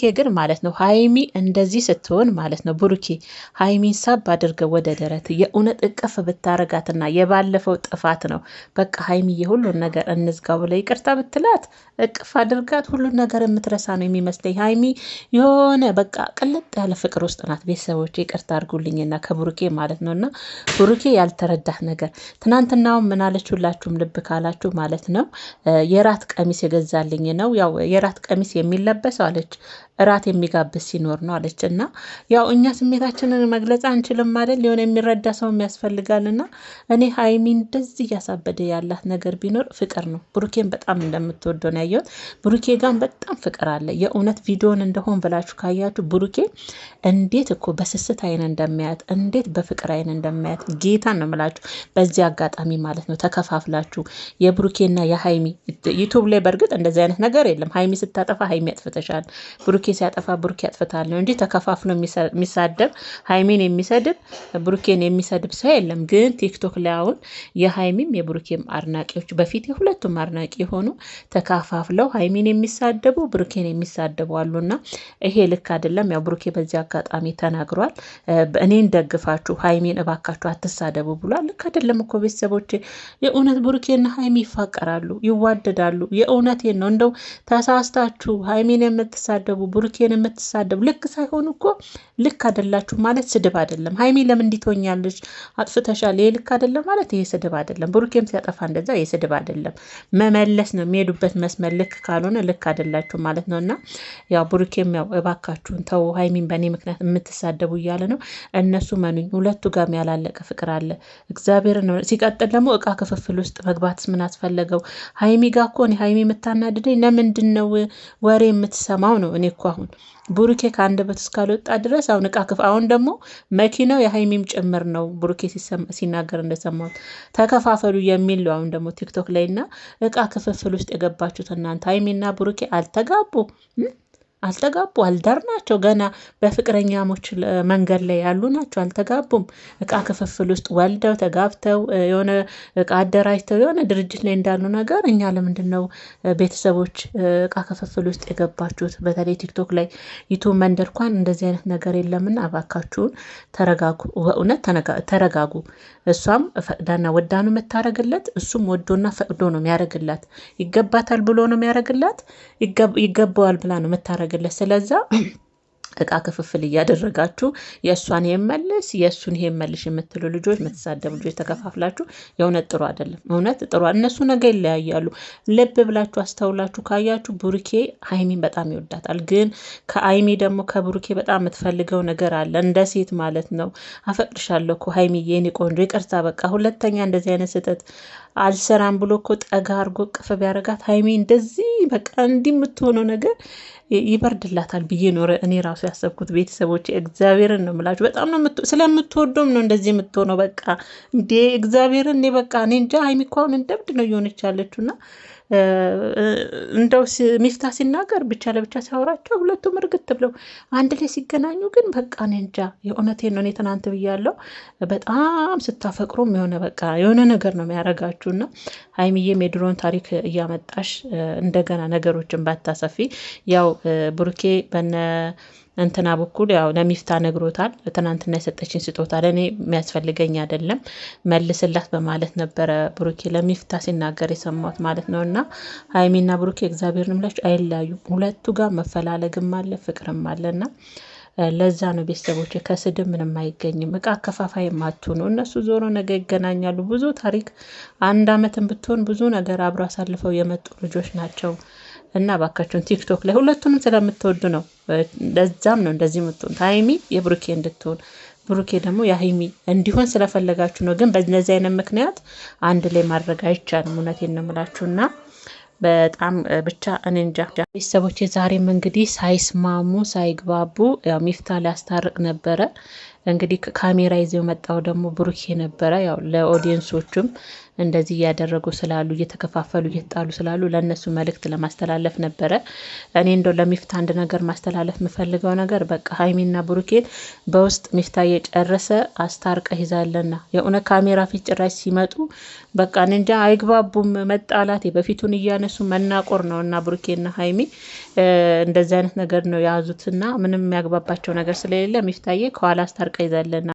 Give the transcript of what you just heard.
ይሄ ግን ማለት ነው ሀይሚ እንደዚህ ስትሆን ማለት ነው ብሩኬ ሀይሚን ሳብ አድርገው ወደ ደረት የእውነት እቅፍ ብታረጋትና የባለፈው ጥፋት ነው በቃ ሀይሚ የሁሉን ነገር እንዝጋው ብለ ይቅርታ ብትላት እቅፍ አድርጋት ሁሉን ነገር የምትረሳ ነው የሚመስለኝ። ሀይሚ የሆነ በቃ ቅልጥ ያለ ፍቅር ውስጥ ናት። ቤተሰቦች ይቅርታ አድርጉልኝና ከብሩኬ ማለት ነው እና ብሩኬ ያልተረዳህ ነገር ትናንትናው ምናለች? ሁላችሁም ልብ ካላችሁ ማለት ነው የራት ቀሚስ የገዛልኝ ነው ያው የራት ቀሚስ የሚለበሰው አለች እራት የሚጋብዝ ሲኖር ነው አለች። እና ያው እኛ ስሜታችንን መግለጽ አንችልም አይደል? የሆነ የሚረዳ ሰውም ያስፈልጋል። እና እኔ ሀይሚ እንደዚህ እያሳበደ ያላት ነገር ቢኖር ፍቅር ነው። ብሩኬን በጣም እንደምትወደው ነው ያየሁት። ብሩኬ ጋም በጣም ፍቅር አለ። የእውነት ቪዲዮን እንደሆን ብላችሁ ካያችሁ ብሩኬ እንዴት እኮ በስስት አይን እንደሚያያት እንዴት በፍቅር አይን እንደሚያያት ጌታን ነው የምላችሁ። በዚህ አጋጣሚ ማለት ነው ተከፋፍላችሁ የብሩኬና የሀይሚ ዩቱብ ላይ በእርግጥ እንደዚህ አይነት ነገር የለም። ሀይሚ ስታጠፋ ሀይሚ ያጥፍተሻል ብሩኬ ብሩኬ ሲያጠፋ ብሩኬ ያጥፍታል ነው እንጂ ተከፋፍሎ የሚሳደብ ሀይሜን የሚሰድብ ብሩኬን የሚሰድብ ሰው የለም። ግን ቲክቶክ ላይ አሁን የሀይሚም የብሩኬም አድናቂዎች በፊት የሁለቱም አድናቂ የሆኑ ተከፋፍለው ሀይሜን የሚሳደቡ ብሩኬን የሚሳደቡ አሉና ይሄ ልክ አይደለም። ያው ብሩኬ በዚህ አጋጣሚ ተናግሯል። እኔን ደግፋችሁ ሀይሜን እባካችሁ አትሳደቡ ብሏል። ልክ አይደለም እኮ ቤተሰቦቼ። የእውነት ብሩኬና ሀይሜ ይፋቀራሉ፣ ይዋደዳሉ። የእውነቴን ነው። እንደው ተሳስታችሁ ሀይሜን የምትሳደቡ ብሩኬን የምትሳደቡ ልክ ሳይሆን እኮ ልክ አይደላችሁ ማለት ስድብ አይደለም። ሀይሚ ለምን እንዲቶኛለች አጥፍተሻል፣ ይሄ ልክ አይደለም ማለት ይሄ ስድብ አይደለም። ብሩኬም ሲያጠፋ እንደዛ ይሄ ስድብ አይደለም። መመለስ ነው የሚሄዱበት መስመር ልክ ካልሆነ ልክ አይደላችሁ ማለት ነው። እና ያው ብሩኬም ያው እባካችሁን ተው፣ ሀይሚን በእኔ ምክንያት የምትሳደቡ እያለ ነው። እነሱ መኑኝ፣ ሁለቱ ጋም ያላለቀ ፍቅር አለ እግዚአብሔር ነው። ሲቀጥል ደግሞ እቃ ክፍፍል ውስጥ መግባትስ ምን አስፈለገው? ሀይሚ ጋር እኮ እኔ ሀይሚ የምታናድደኝ ለምንድን ነው ወሬ የምትሰማው ነው እኔ እኮ አሁን ብሩኬ ከአንደበት እስካልወጣ ድረስ አሁን እቃ ክፍ አሁን ደግሞ መኪናው የሀይሚም ጭምር ነው። ብሩኬ ሲናገር እንደሰማሁት ተከፋፈሉ የሚል ነው። አሁን ደግሞ ቲክቶክ ላይ እና እቃ ክፍፍል ውስጥ የገባችሁት እናንተ ሀይሚና ብሩኬ አልተጋቡ አልተጋቡ አልዳር ናቸው። ገና በፍቅረኛሞች መንገድ ላይ ያሉ ናቸው። አልተጋቡም። እቃ ክፍፍል ውስጥ ወልደው ተጋብተው የሆነ እቃ አደራጅተው የሆነ ድርጅት ላይ እንዳሉ ነገር እኛ ለምንድን ነው ቤተሰቦች እቃ ክፍፍል ውስጥ የገባችሁት? በተለይ ቲክቶክ ላይ ዩቱብ መንደር እንኳን እንደዚህ አይነት ነገር የለምና አባካችሁን ተረጋጉ። ተረጋጉ። እሷም ፈቅዳና ወዳኑ መታረግለት እሱም ወዶና ፈቅዶ ነው የሚያደርግላት። ይገባታል ብሎ ነው የሚያደርግላት። ይገባዋል ብላ ነው መታረግ የሚያደርግለት ስለዛ እቃ ክፍፍል እያደረጋችሁ የእሷን የመልስ የእሱን ይሄ መልሽ የምትሉ ልጆች የምትሳደቡ ልጆች ተከፋፍላችሁ የእውነት ጥሩ አይደለም። እውነት ጥሩ እነሱ ነገር ይለያያሉ። ልብ ብላችሁ አስተውላችሁ ካያችሁ ብሩኬ ሀይሚን በጣም ይወዳታል። ግን ከአይሚ ደግሞ ከብሩኬ በጣም የምትፈልገው ነገር አለ፣ እንደ ሴት ማለት ነው። አፈቅድሻለሁ እኮ ሀይሚዬ፣ የኔ ቆንጆ፣ ይቅርታ በቃ ሁለተኛ እንደዚህ አይነት ስህተት አልሰራም ብሎ እኮ ጠጋ አድርጎ ቅፍ ቢያደርጋት ሀይሚ እንደዚህ በቃ እንዲህ የምትሆነው ነገር ይበርድላታል ብዬ ኖረ እኔ ራሱ ያሰብኩት። ቤተሰቦች እግዚአብሔርን ነው የምላችሁ፣ በጣም ነው ስለምትወደውም ነው እንደዚህ የምትሆነው። በቃ እንዴ እግዚአብሔርን እኔ በቃ እኔ እንጃ ሀይሚ እኮ አሁን እንደብድ ነው እየሆነች እንደው ሚፍታ ሲናገር ብቻ ለብቻ ሲያወራቸው ሁለቱም እርግት ብለው አንድ ላይ ሲገናኙ ግን በቃ እኔ እንጃ የእውነቴን ነው። እኔ ትናንት ብያለሁ። በጣም ስታፈቅሩም የሆነ በቃ የሆነ ነገር ነው የሚያረጋችሁ እና ሀይሚዬም የድሮን ታሪክ እያመጣሽ እንደገና ነገሮችን ባታሰፊ ያው ብሩኬ በነ እንትና በኩል ያው ለሚፍታ ነግሮታል። ትናንትና የሰጠችኝ ስጦታ ለእኔ የሚያስፈልገኝ አይደለም መልስላት በማለት ነበረ ብሩኬ ለሚፍታ ሲናገር የሰማሁት ማለት ነው። እና ሀይሚና ብሩኬ እግዚአብሔር ንምላችሁ አይለያዩም። ሁለቱ ጋር መፈላለግም አለ ፍቅርም አለ እና ለዛ ነው ቤተሰቦች ከስድብ ምንም አይገኝም። እቃ አከፋፋይ ነው። እነሱ ዞሮ ነገ ይገናኛሉ። ብዙ ታሪክ አንድ አመትን ብትሆን ብዙ ነገር አብረው አሳልፈው የመጡ ልጆች ናቸው። እና ባካችሁን ቲክቶክ ላይ ሁለቱንም ስለምትወዱ ነው። ለዛም ነው እንደዚህ የምትሆን ሀይሚ የብሩኬ እንድትሆን ብሩኬ ደግሞ የሀይሚ እንዲሆን ስለፈለጋችሁ ነው። ግን በነዚህ አይነት ምክንያት አንድ ላይ ማድረግ አይቻልም። እውነቴን ነው የምላችሁና በጣም ብቻ እኔ እንጃ ቤተሰቦች፣ ዛሬም እንግዲህ ሳይስማሙ ሳይግባቡ ያው ሚፍታ ሊያስታርቅ ነበረ እንግዲህ ካሜራ ይዘው የመጣው ደግሞ ብሩኬ ነበረ። ያው ለኦዲየንሶቹም እንደዚህ እያደረጉ ስላሉ እየተከፋፈሉ እየተጣሉ ስላሉ ለእነሱ መልእክት ለማስተላለፍ ነበረ። እኔ እንደው ለሚፍታ አንድ ነገር ማስተላለፍ የምፈልገው ነገር በቃ ሀይሚና ብሩኬን በውስጥ ሚፍታ እየጨረሰ አስታርቀ ይዛለና የእውነ ካሜራ ፊት ጭራሽ ሲመጡ በቃ እንጃ አይግባቡም። መጣላት በፊቱን እያነሱ መናቆር ነው እና ብሩኬና ሀይሚ እንደዚህ አይነት ነገር ነው የያዙትና ምንም የሚያግባባቸው ነገር ስለሌለ ሚፍታዬ ከኋላ አስታርቀ ይዘልና